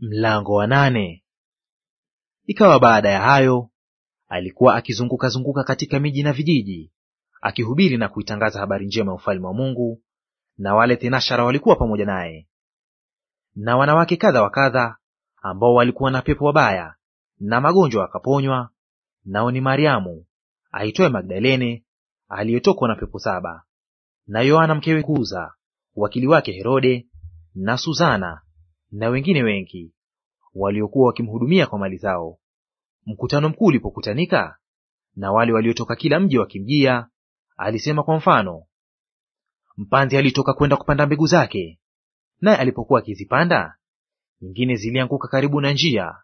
Mlango wa nane. Ikawa baada ya hayo, alikuwa akizunguka zunguka katika miji na vijiji, akihubiri na kuitangaza habari njema ya ufalme wa Mungu, na wale thenashara walikuwa pamoja naye. Na wanawake kadha wa kadha ambao walikuwa na pepo wabaya na magonjwa wakaponywa, nao ni Mariamu aitoe Magdalene, aliyetokwa na pepo saba, na Yohana mkewe Kuza, wakili wake Herode, na Suzana na wengine wengi waliokuwa wakimhudumia kwa mali zao. Mkutano mkuu ulipokutanika na wale waliotoka kila mji wakimjia, alisema kwa mfano, mpanzi alitoka kwenda kupanda mbegu zake, naye alipokuwa akizipanda, nyingine zilianguka karibu na njia,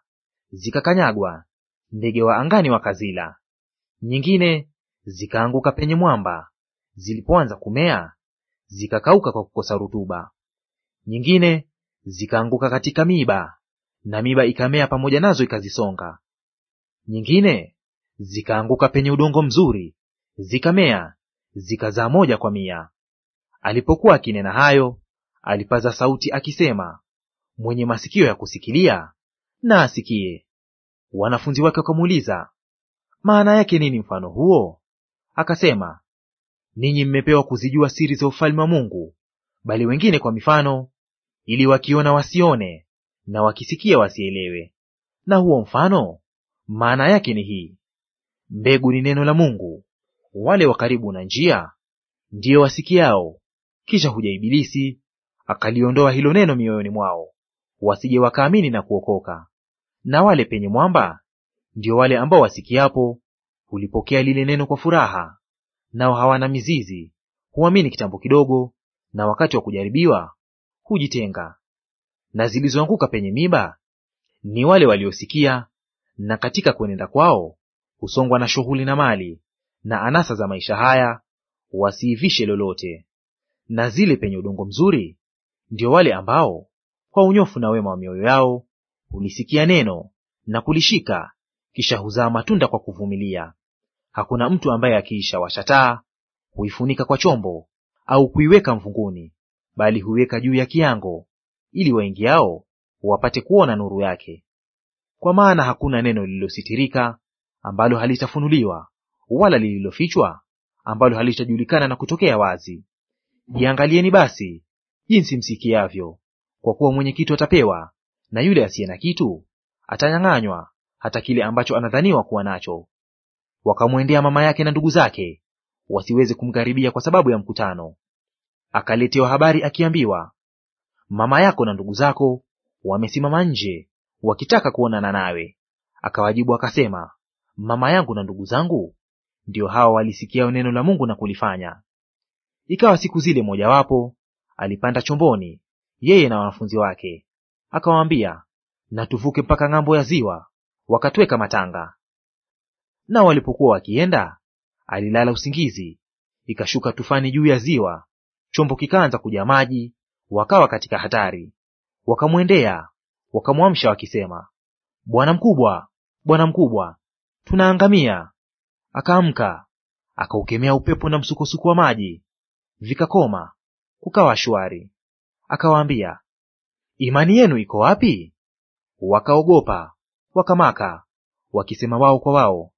zikakanyagwa, ndege wa angani wakazila. Nyingine zikaanguka penye mwamba, zilipoanza kumea zikakauka kwa kukosa rutuba. Nyingine zikaanguka katika miba na miba ikamea pamoja nazo ikazisonga. Nyingine zikaanguka penye udongo mzuri, zikamea, zikazaa moja kwa mia. Alipokuwa akinena hayo, alipaza sauti akisema, mwenye masikio ya kusikilia na asikie. Wanafunzi wake wakamuuliza, maana yake nini mfano huo? Akasema, ninyi mmepewa kuzijua siri za ufalme wa Mungu, bali wengine kwa mifano ili wakiona wasione, na wakisikia wasielewe. Na huo mfano maana yake ni hii: mbegu ni neno la Mungu, wale wa karibu na njia ndiyo wasikiao. Kisha huja Ibilisi akaliondoa hilo neno mioyoni mwao, wasije wakaamini na kuokoka. Na wale penye mwamba ndio wale ambao wasikiapo hulipokea lile neno kwa furaha, nao hawana mizizi, huamini kitambo kidogo, na wakati wa kujaribiwa hujitenga, na zilizoanguka penye miba ni wale waliosikia, na katika kuenenda kwao husongwa na shughuli na mali na anasa za maisha haya, wasiivishe lolote. Na zile penye udongo mzuri ndio wale ambao kwa unyofu na wema wa mioyo yao hulisikia neno na kulishika, kisha huzaa matunda kwa kuvumilia. Hakuna mtu ambaye akiisha washataa huifunika kwa chombo au kuiweka mvunguni, bali huweka juu ya kiango, ili waingiao wapate kuona nuru yake. Kwa maana hakuna neno lililositirika ambalo halitafunuliwa, wala lililofichwa ambalo halitajulikana na kutokea wazi. Jiangalieni basi jinsi msikiavyo, kwa kuwa mwenye kitu atapewa, na yule asiye na kitu atanyang'anywa hata kile ambacho anadhaniwa kuwa nacho. Wakamwendea mama yake na ndugu zake, wasiweze kumkaribia kwa sababu ya mkutano akaletewa habari akiambiwa, mama yako na ndugu zako wamesimama nje wakitaka kuonana nawe. Akawajibu akasema, mama yangu na ndugu zangu ndio hawa walisikiao neno la Mungu na kulifanya. Ikawa siku zile mojawapo alipanda chomboni, yeye na wanafunzi wake, akawaambia, na tuvuke mpaka ng'ambo ya ziwa. Wakatweka matanga. Nao walipokuwa wakienda, alilala usingizi, ikashuka tufani juu ya ziwa, chombo kikaanza kuja maji, wakawa katika hatari. Wakamwendea wakamwamsha wakisema, Bwana mkubwa, bwana mkubwa, tunaangamia. Akaamka akaukemea upepo na msukosuko wa maji, vikakoma, kukawa shwari. Akawaambia, imani yenu iko wapi? Wakaogopa wakamaka, wakisema wao kwa wao,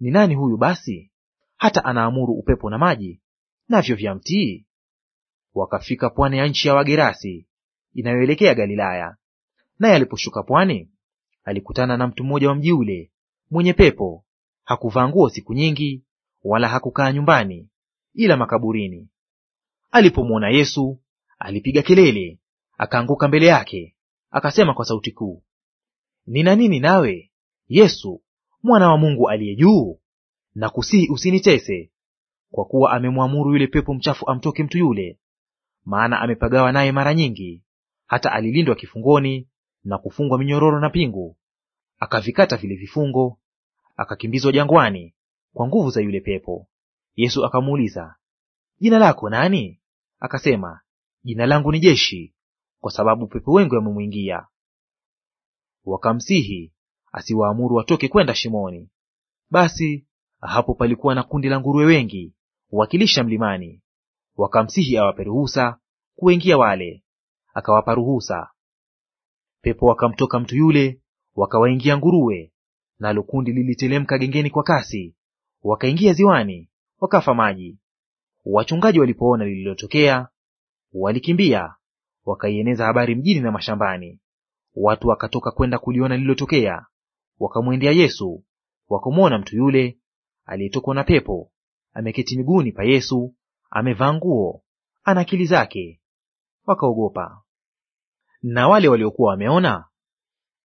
ni nani huyu basi hata anaamuru upepo na maji, navyo vyamtii? wakafika pwani ya nchi ya Wagerasi inayoelekea Galilaya. Naye aliposhuka pwani, alikutana na mtu mmoja wa mji ule mwenye pepo, hakuvaa nguo siku nyingi, wala hakukaa nyumbani, ila makaburini. Alipomwona Yesu, alipiga kelele, akaanguka mbele yake, akasema kwa sauti kuu, nina nini nawe Yesu, mwana wa Mungu aliye juu? Nakusihi usinitese. Kwa kuwa amemwamuru yule pepo mchafu amtoke mtu yule, maana amepagawa naye mara nyingi, hata alilindwa kifungoni na kufungwa minyororo na pingu, akavikata vile vifungo, akakimbizwa jangwani kwa nguvu za yule pepo. Yesu akamuuliza, jina lako nani? Akasema, jina langu ni Jeshi, kwa sababu pepo wengi wamemwingia. Wakamsihi asiwaamuru watoke kwenda shimoni. Basi hapo palikuwa na kundi la nguruwe wengi wakilisha mlimani wakamsihi awape ruhusa kuwaingia wale, akawapa ruhusa. Pepo wakamtoka mtu yule, wakawaingia nguruwe, nalo kundi lilitelemka gengeni kwa kasi, wakaingia ziwani, wakafa maji. Wachungaji walipoona lililotokea, walikimbia wakaieneza habari mjini na mashambani. Watu wakatoka kwenda kuliona lililotokea, wakamwendea Yesu, wakamwona mtu yule aliyetokwa na pepo ameketi miguuni pa Yesu, amevaa nguo, ana akili zake. Wakaogopa. Na wale waliokuwa wameona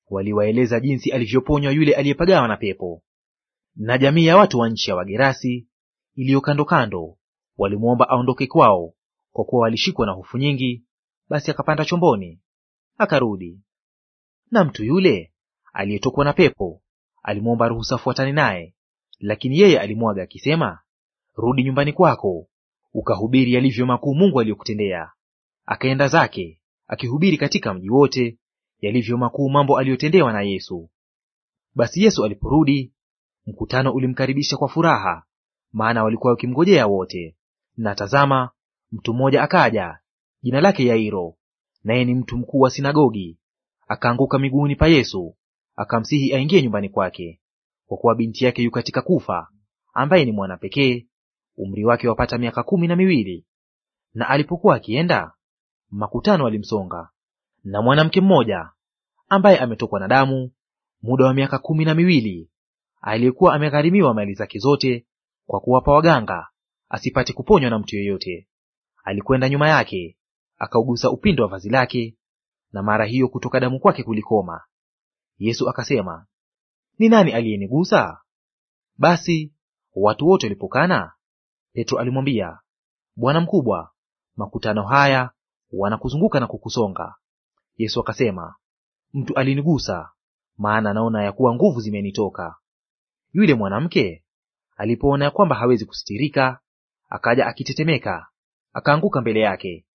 waliwaeleza jinsi alivyoponywa yule aliyepagawa na pepo. Na jamii ya watu wa nchi ya Wagerasi iliyo kando kando walimwomba aondoke kwao, kwa kuwa walishikwa na hofu nyingi. Basi akapanda chomboni akarudi. Na mtu yule aliyetokwa na pepo alimwomba ruhusa afuatane naye, lakini yeye alimwaga akisema, rudi nyumbani kwako ukahubiri yalivyo makuu Mungu aliyokutendea. Akaenda zake akihubiri katika mji wote yalivyo makuu mambo aliyotendewa na Yesu. Basi Yesu aliporudi, mkutano ulimkaribisha kwa furaha, maana walikuwa wakimngojea wote. Na tazama, mtu mmoja akaja, jina lake Yairo, naye ni mtu mkuu wa sinagogi, akaanguka miguuni pa Yesu, akamsihi aingie nyumbani kwake, kwa kuwa binti yake yu katika kufa, ambaye ni mwana pekee, umri wake wapata miaka kumi na miwili. Na alipokuwa akienda, makutano alimsonga, na mwanamke mmoja ambaye ametokwa na damu muda wa miaka kumi na miwili, aliyekuwa amegharimiwa mali zake zote kwa kuwapa waganga, asipate kuponywa na mtu yeyote, alikwenda nyuma yake, akaugusa upindo wa vazi lake, na mara hiyo kutoka damu kwake kulikoma. Yesu akasema, ni nani aliyenigusa? Basi watu wote walipokana Petro alimwambia, Bwana mkubwa, makutano haya wanakuzunguka na kukusonga. Yesu akasema, mtu alinigusa, maana naona ya kuwa nguvu zimenitoka. Yule mwanamke alipoona ya kwamba hawezi kusitirika, akaja akitetemeka, akaanguka mbele yake.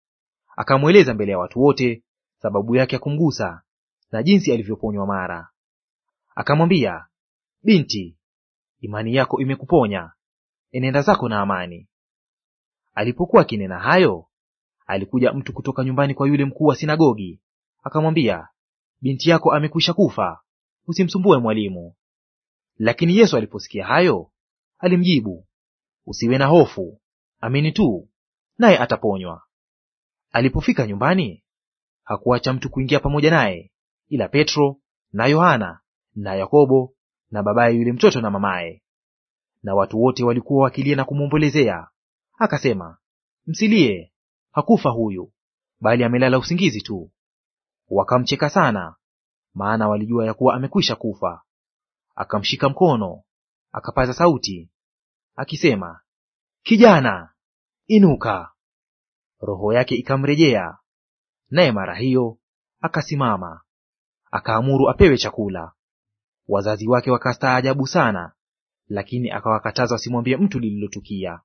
Akamweleza mbele ya watu wote sababu yake ya kumgusa na jinsi alivyoponywa mara. Akamwambia, binti, imani yako imekuponya, enenda zako na amani. Alipokuwa akinena hayo, alikuja mtu kutoka nyumbani kwa yule mkuu wa sinagogi, akamwambia, binti yako amekwisha kufa, usimsumbue mwalimu. Lakini Yesu aliposikia hayo, alimjibu, usiwe na hofu, amini tu, naye ataponywa. Alipofika nyumbani, hakuacha mtu kuingia pamoja naye, ila Petro na Yohana na Yakobo na babaye yule mtoto na mamaye na watu wote walikuwa wakilia na kumwombolezea. Akasema, msilie, hakufa huyu, bali amelala usingizi tu. Wakamcheka sana, maana walijua ya kuwa amekwisha kufa. Akamshika mkono, akapaza sauti akisema, kijana, inuka. Roho yake ikamrejea, naye mara hiyo akasimama. Akaamuru apewe chakula. Wazazi wake wakastaajabu sana, lakini akawakataza wasimwambie mtu lililotukia.